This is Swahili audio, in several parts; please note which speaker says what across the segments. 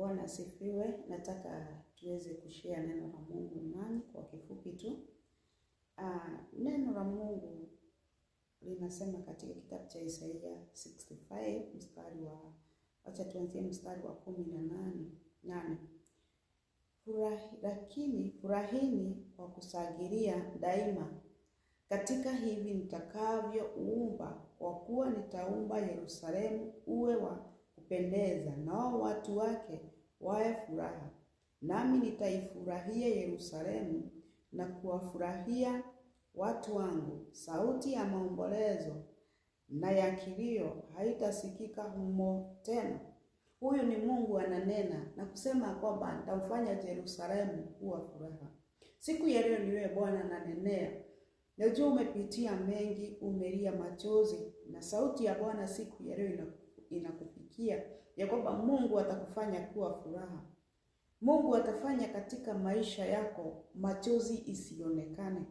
Speaker 1: Bwana asifiwe. Nataka tuweze kushea neno la Mungu nanyi kwa kifupi tu. Aa, ah, neno la Mungu linasema katika kitabu cha Isaia 65 mstari wa acha tuanzie mstari wa kumi na nane nane Furahi, lakini furahini kwa kusagiria daima katika hivi uumba kwa kuwa nitaumba Yerusalemu uwe wa kupendeza, nao watu wake wawe furaha. Nami nitaifurahia Yerusalemu na kuwafurahia watu wangu. Sauti ya maombolezo na ya kilio haitasikika humo tena. Huyu ni Mungu ananena na kusema kwamba nitamfanya Yerusalemu kuwa furaha. Siku ya leo niwe Bwana ananenea. Najua umepitia mengi, umelia machozi, na sauti ya Bwana siku ya leo inakufikia ya kwamba Mungu atakufanya kuwa furaha. Mungu atafanya katika maisha yako machozi isionekane.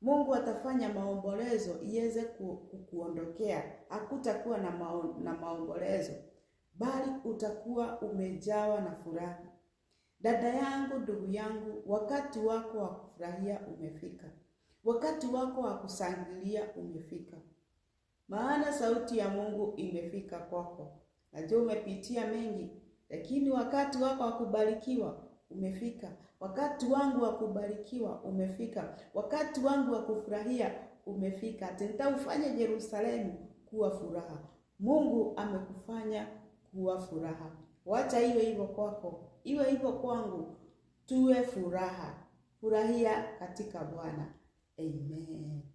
Speaker 1: Mungu atafanya maombolezo iweze kukuondokea, hakutakuwa na, mao, na maombolezo bali utakuwa umejawa na furaha. Dada yangu, ndugu yangu, wakati wako wa kufurahia umefika, wakati wako wa kusangilia umefika maana sauti ya Mungu imefika kwako. Najua umepitia mengi, lakini wakati wako wa kubarikiwa umefika. Wakati wangu wa kubarikiwa umefika. Wakati wangu wa kufurahia umefika. ufanye Yerusalemu kuwa furaha. Mungu amekufanya kuwa furaha. Wacha iwe hivyo kwako, iwe hivyo kwangu, tuwe furaha. Furahia katika Bwana. Amen.